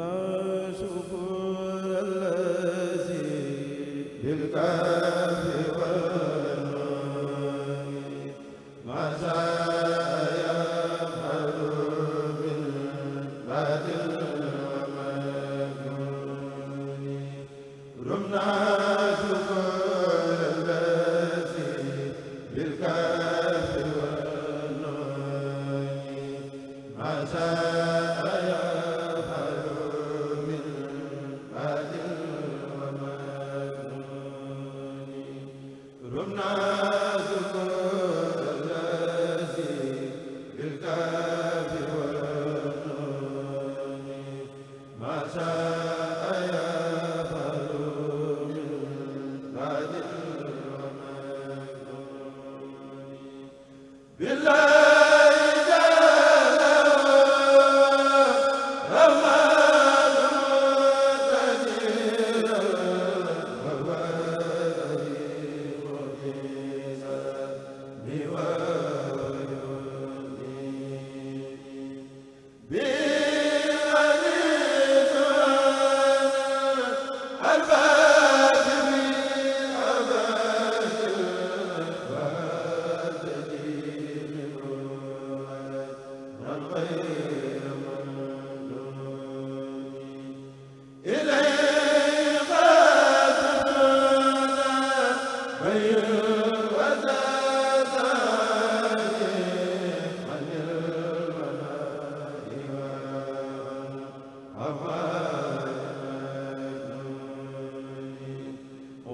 الله شكر الذي بالكافر billah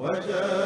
wa